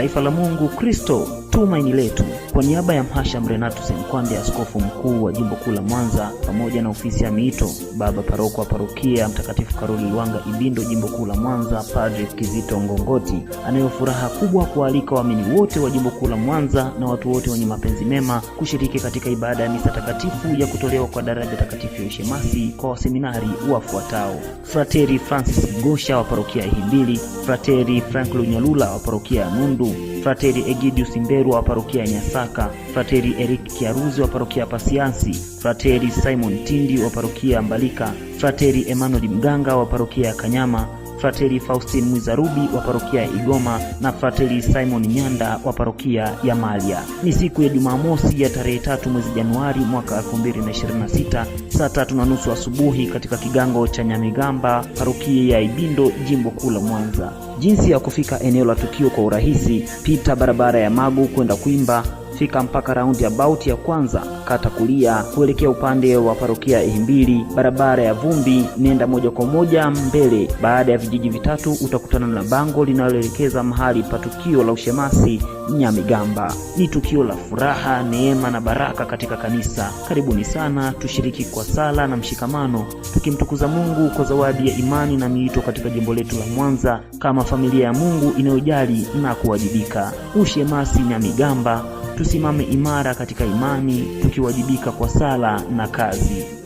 Taifa la Mungu, Kristo tumaini letu. Kwa niaba ya Mhashamu Renatus Nkwambi, askofu mkuu wa jimbo kuu la Mwanza, pamoja na ofisi ya miito, baba paroko wa parokia Mtakatifu Karoli Lwanga Ibindo, jimbo kuu la Mwanza, Padre Kizito Ngongoti, anayo furaha kubwa kuwaalika waamini wote wa jimbo kuu la Mwanza na watu wote wenye mapenzi mema kushiriki katika ibada ya misa takatifu ya kutolewa kwa daraja takatifu ya ushemasi kwa waseminari wafuatao: Frateri Francis Ngusha wa parokia ya Ihimbili, frateri Frank Lunyalula wa parokia ya Nundu, frateri Egidius Mberwa wa parokia ya Nyasaka, frateri Eric Kiaruzi wa parokia ya Pasiansi, frateri Simon Tindi wa parokia ya Mbalika, frateri Emmanuel Mganga wa parokia ya Kanyama Frateli Faustin Mwizarubi wa parokia ya Igoma na Frateli Simon Nyanda wa parokia ya Malia. Ni siku ya Jumamosi ya tarehe tatu mwezi Januari mwaka 2026 saa tatu na nusu asubuhi katika kigango cha Nyamigamba, parokia ya Ibindo, jimbo kuu la Mwanza. Jinsi ya kufika eneo la tukio kwa urahisi: pita barabara ya Magu kwenda kuimba kufika mpaka raundi bauti ya kwanza, kata kulia kuelekea upande wa parokia Ihimbili, barabara ya vumbi, nenda moja kwa moja mbele. Baada ya vijiji vitatu utakutana na bango linaloelekeza mahali pa tukio la ushemasi Nyamigamba. Ni tukio la furaha, neema na baraka katika kanisa. Karibuni sana, tushiriki kwa sala na mshikamano, tukimtukuza Mungu kwa zawadi ya imani na miito katika jimbo letu la Mwanza kama familia ya Mungu inayojali na kuwajibika. Ushemasi Nyamigamba Tusimame imara katika imani tukiwajibika kwa sala na kazi.